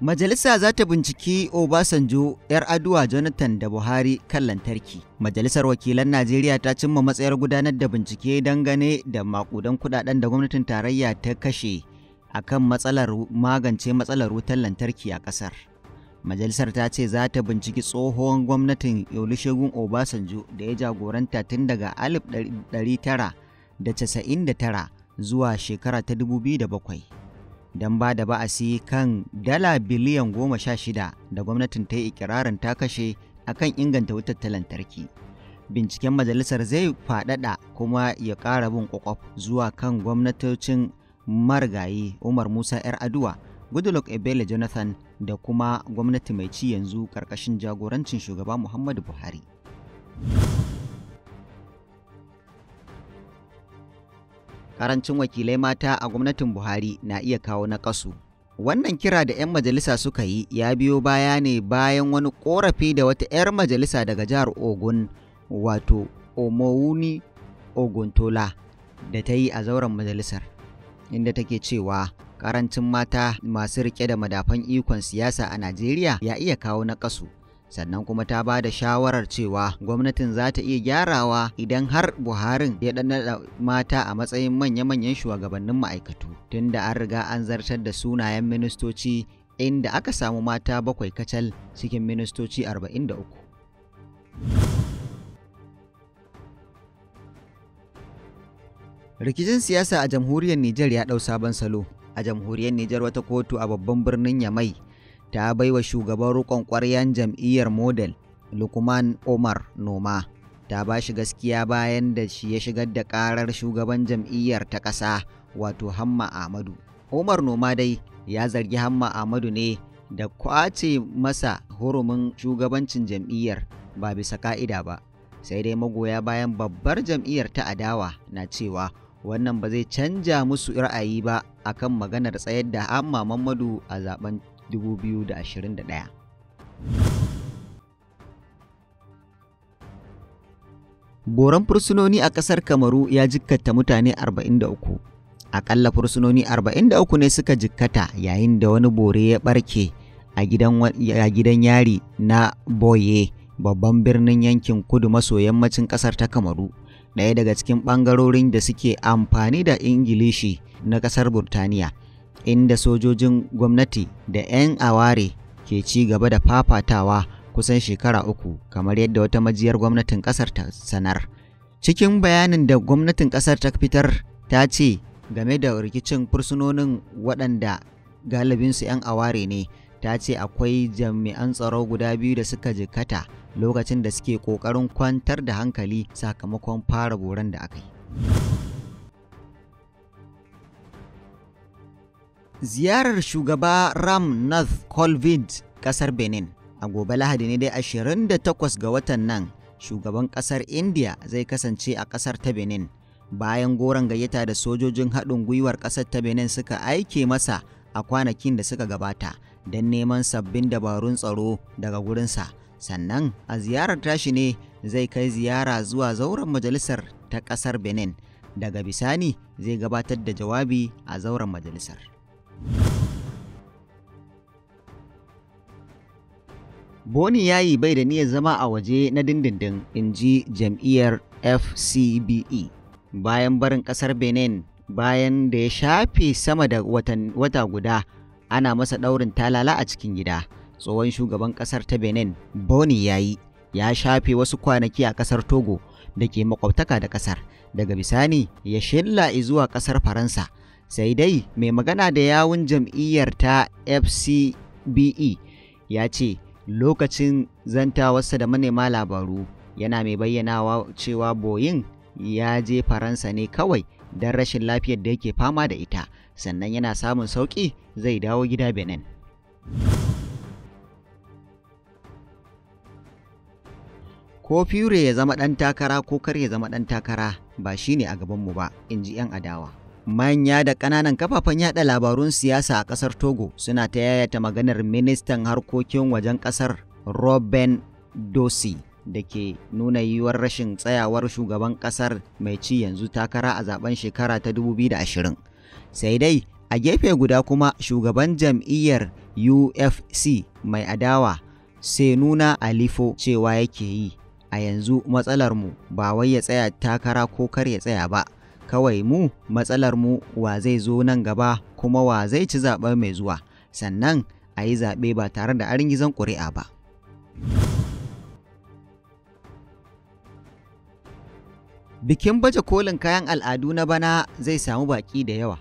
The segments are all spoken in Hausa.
Majalisa za ta binciki Obasanjo, 'yar aduwa Jonathan da Buhari kan lantarki. Majalisar Wakilan Najeriya ta cimma matsayar gudanar da bincike dangane da makudan kudaden da gwamnatin tarayya ta kashe a kan matsalar magance matsalar wutar lantarki a ƙasar. Majalisar ta ce za ta binciki tsohon gwamnatin Olusegun Obasanjo da ya jagoranta tun daga da 1999 zuwa shekara ta 2007. don ba da ba'asi kan dala biliyan goma sha shida da gwamnatin ta yi ikirarin ta kashe akan inganta wutar lantarki. Binciken majalisar zai faɗaɗa kuma ya ƙara bin ƙwaƙwaf zuwa kan gwamnatocin marigayi Umar Musa 'yar Aduwa, Goodluck Ebele Jonathan da kuma gwamnati mai ci yanzu ƙarƙashin jagorancin shugaba Muhammadu Buhari. Karancin wakilai mata a gwamnatin Buhari na iya kawo nakasu. Wannan kira da 'yan majalisa suka yi ya biyo baya ne bayan wani ƙorafi da wata 'yar majalisa daga jihar Ogun wato Omowuni Oguntola da ta yi a zauren majalisar inda take cewa karancin mata masu rike da madafan ikon siyasa a Najeriya ya iya kawo nakasu. sannan kuma ta ba da shawarar cewa gwamnatin za ta iya gyarawa idan har buharin ya ɗanɗa mata a matsayin manya-manyan shugabannin ma'aikatu tunda an riga an zartar da sunayen ministoci inda aka samu mata bakwai kacal cikin ministoci 43 rikicin siyasa a jamhuriyar nijar ya ɗau sabon salo a jamhuriyar nijar wata kotu a babban birnin yamai ta baiwa shugaban rukon ƙwaryan jam'iyyar model lukman omar noma ta ba shi gaskiya bayan da shi ya shigar da karar shugaban jam'iyyar ta ƙasa wato hamma ahmadu omar noma dai ya zargi hamma ahmadu ne da kwace masa hurumin shugabancin jam'iyyar ba bisa ka'ida ba sai dai magoya bayan babbar jam'iyyar ta adawa na cewa wannan ba zai canja musu ra'ayi ba akan maganar tsayar da amma mamadu a zaben 2021 boran fursunoni a ƙasar kamaru ya jikkata mutane 43 akalla fursunoni 43 ne suka jikkata yayin da wani bore ya barke a gidan yari na boye babban birnin yankin kudu maso yammacin ƙasar ta kamaru ɗaya daga cikin ɓangarorin da suke amfani da ingilishi na ƙasar burtaniya inda sojojin gwamnati da 'yan aware ke ci gaba da fafatawa kusan shekara uku kamar yadda wata majiyar gwamnatin kasar ta sanar cikin bayanin da gwamnatin kasar ta fitar ta ce game da rikicin fursunonin waɗanda galibinsu 'yan aware ne ta ce akwai jami'an tsaro guda biyu da suka jikata lokacin da suke ƙoƙarin kwantar da hankali sakamakon fara boran da aka yi ziyarar shugaba ram nath colvid kasar benin a gobe lahadi ne dai 28 ga watan nan shugaban kasar india zai kasance a kasar ta benin bayan goron gayyata da sojojin haɗin gwiwar kasar ta benin suka aike masa a kwanakin da suka gabata don neman sabbin dabarun tsaro daga gurinsa sannan a ziyarar tashi ne zai kai ziyara zuwa zauren majalisar ta kasar benin daga bisani zai gabatar da jawabi a zauren majalisar Boni yayi bai da niyyar zama a waje na dindindin, in ji jam'iyyar FCBE bayan barin ƙasar Benin bayan da ya shafe sama da wata guda ana masa ɗaurin talala a cikin gida. Tsohon shugaban ƙasar ta Benin, Boni yayi ya shafe wasu kwanaki a ƙasar Togo da ke makwabtaka da ƙasar. Daga bisani ya shilla zuwa ƙasar Faransa sai dai mai magana da yawun jam'iyyar ta fcbe ya ce lokacin zantawarsa da manema labaru yana mai bayyanawa cewa boyin ya je faransa ne kawai don rashin lafiyar da yake fama da ita sannan yana samun sauƙi zai dawo gida benin ko fure ya zama ɗan takara ko kar ya zama ɗan takara ba shine a gabanmu ba in ji 'yan adawa Manya da ƙananan kafafen yaɗa labarun siyasa a ƙasar Togo suna ta yayata maganar ministan harkokin wajen ƙasar Robin Dosi da ke nuna yiwuwar rashin tsayawar shugaban ƙasar mai ci yanzu takara a zaben shekara ta 2020. Sai dai a gefe guda kuma shugaban jam'iyyar UFC mai adawa sai nuna Alifo cewa yake yi a yanzu matsalar mu ba wai ya tsaya takara ko kar ya tsaya ba. kawai mu matsalar mu wa zai zo nan gaba kuma wa zai ci zaɓe mai zuwa sannan a yi zaɓe ba tare da gizan ƙuri'a ba. Bikin baje kolin kayan al'adu na bana zai samu baƙi da yawa.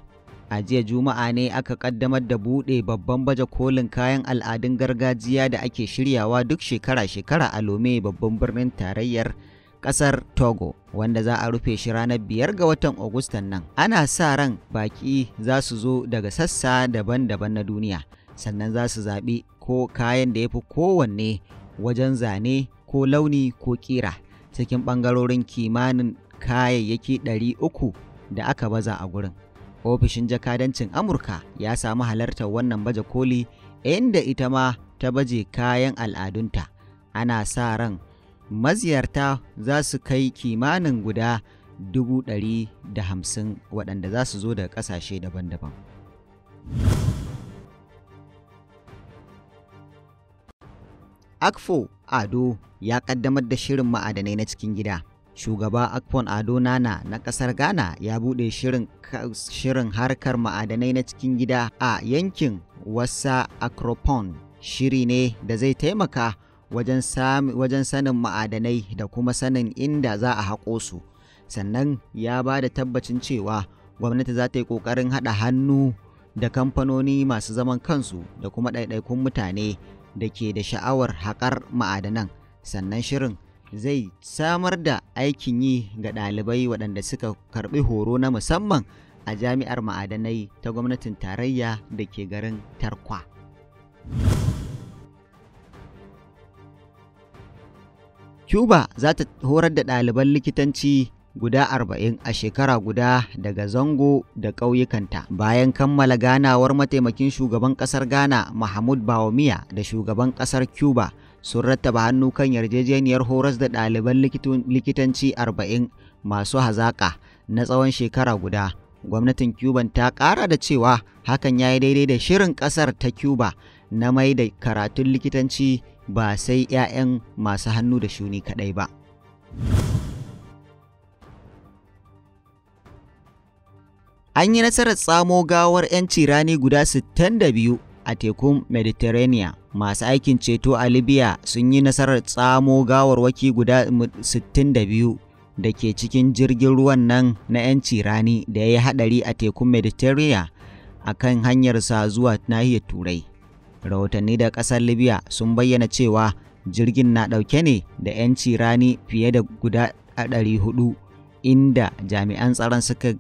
A jiya Juma'a ne aka ƙaddamar da buɗe babban baje kolin kayan al'adun gargajiya da ake shiryawa duk shekara-shekara a Lome babban birnin tarayyar ƙasar Togo wanda za a rufe shi ranar biyar ga watan Agustan nan. Ana sa ran baki za su zo daga sassa daban-daban na duniya sannan za su zaɓi ko kayan da ya fi kowanne wajen zane ko launi ko ƙira cikin ɓangarorin kimanin kayayyaki ɗari uku da aka baza a gurin. Ofishin jakadancin Amurka ya samu halartar wannan baje koli inda ita ma ta baje kayan al'adunta. Ana sa ran maziyarta za su kai kimanin guda 150 waɗanda za su zo daga ƙasashe daban-daban. Akfo Ado ya ƙaddamar da shirin ma'adanai na cikin gida. Shugaba Akfon Ado Nana na ƙasar Ghana ya buɗe shirin, shirin harkar ma'adanai na cikin gida a yankin wasa Akropon. Shiri ne da zai taimaka wajen sanin ma'adanai da kuma sanin inda za a haƙo su sannan ya ba da tabbacin cewa gwamnati za ta yi ƙoƙarin haɗa hannu da kamfanoni masu zaman kansu da kuma ɗaiɗaikun mutane da ke da sha'awar haƙar ma'adanan sannan shirin zai samar da aikin yi ga ɗalibai waɗanda suka karɓi horo na musamman a jami'ar ma'adanai ta gwamnatin tarayya da ke garin tarkwa. Cuba za ta horar da ɗaliban likitanci guda arba'in a shekara guda daga zango da ƙauyukanta bayan kammala ganawar mataimakin shugaban ƙasar ghana mahmud bawumia da shugaban ƙasar cuba sun rattaba hannu kan yarjejeniyar horas da ɗaliban likitanci arba'in masu hazaƙa na tsawon shekara guda gwamnatin cuban ta ƙara da cewa hakan ya yi daidai da shirin ƙasar ta cuba na mai da karatun likitanci ba sai 'ya'yan masu hannu da shuni kaɗai ba. An yi nasarar tsamo gawar 'yanci rani guda 62 a tekun mediterania Masu aikin ceto a Libya sun yi nasarar tsamo gawarwaki guda 62 da ke cikin jirgin ruwan nan na 'yanci rani da ya yi haɗari a tekun mediterania a kan hanyarsa zuwa nahiyar Turai. rahotanni da kasar libya sun bayyana cewa jirgin na dauke ne da 'yanci rani fiye da guda 400 inda jami'an tsaron suka,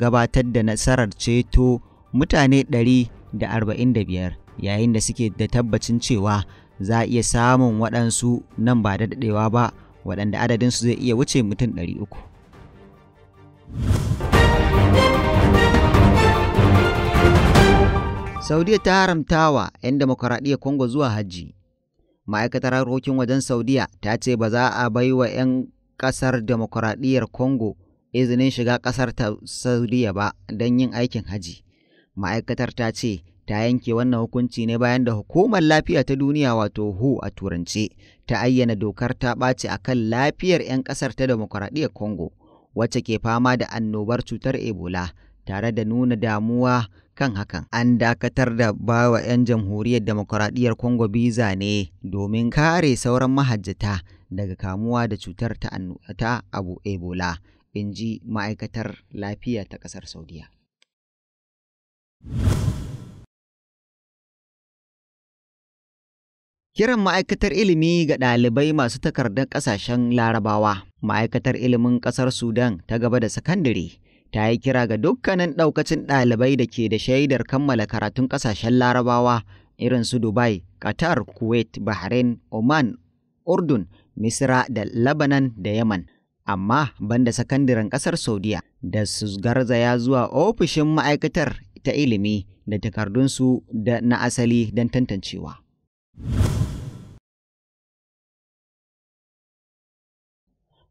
gabatar da nasarar ceto mutane 145 yayin da suke da tabbacin cewa za a iya samun waɗansu nan ba da daɗewa ba waɗanda adadinsu zai iya wuce mutum 300 Saudiya ta haramta wa 'yan demokuraɗiyyar Congo zuwa hajji. Ma'aikatar harkokin wajen Saudiya ta ce ba za a bai wa 'yan ƙasar demokuraɗiyyar Kongo izinin shiga ƙasar ta Saudiya ba don yin aikin hajji. Ma'aikatar ta ce ta yanke wannan hukunci ne bayan da hukumar lafiya ta duniya wato WHO a turance ta ayyana dokar ta ɓaci a kan lafiyar 'yan ƙasar ta demokuraɗiyyar Kongo wacce ke fama da annobar cutar Ebola tare da nuna damuwa kan hakan an dakatar da bawa 'yan jamhuriyar demokuraɗiyyar congo biza ne domin kare sauran mahajjata daga kamuwa da cutar ta abu ebola in ji ma'aikatar lafiya ta ƙasar saudiya Kiran ma'aikatar ilimi ga ɗalibai masu takardar ƙasashen larabawa, ma'aikatar ilimin ƙasar Sudan ta gaba da sakandare ta yi kira ga dukkanin ɗaukacin ɗalibai da ke da shaidar kammala karatun ƙasashen larabawa irin su dubai qatar kuwait bahrain oman urdun misra da Lebanon da yaman amma banda sakandiren ƙasar saudiya da su garzaya zuwa ofishin ma'aikatar ta ilimi da takardunsu da na asali don tantancewa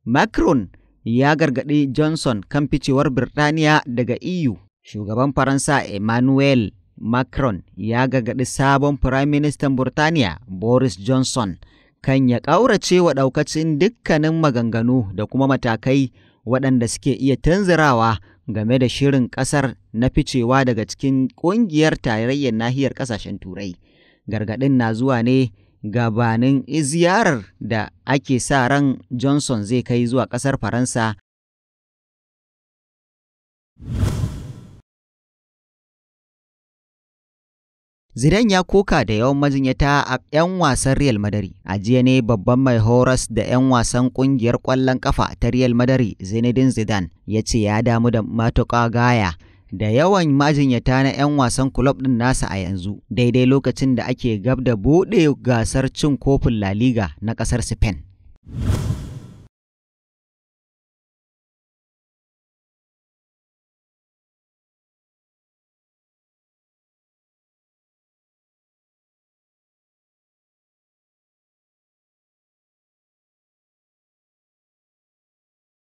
macron ya gargaɗi Johnson kan ficewar Birtaniya daga EU. Shugaban Faransa Emmanuel Macron ya gargaɗi sabon Firaministan Birtaniya Boris Johnson kan ya ƙaurace wa ɗaukacin dukkanin maganganu da kuma matakai waɗanda suke iya tanzirawa game da shirin ƙasar na ficewa daga cikin ƙungiyar tarayyar nahiyar ƙasashen Turai. Gargaɗin na zuwa ne gabanin ziyarar da ake sa ran Johnson zai kai zuwa ƙasar Faransa. Zidane ya koka da yawan majinyata a 'yan wasan Real Madari. A jiya ne babban mai horas da 'yan wasan ƙungiyar ƙwallon ƙafa ta Real Madari Zinedine Zidane ya ce ya damu da matuƙa gaya da yawan majinyata na 'yan wasan kulob ɗin nasa a yanzu daidai lokacin da ake gab da buɗe gasar cin kofin La Liga na ƙasar Spain.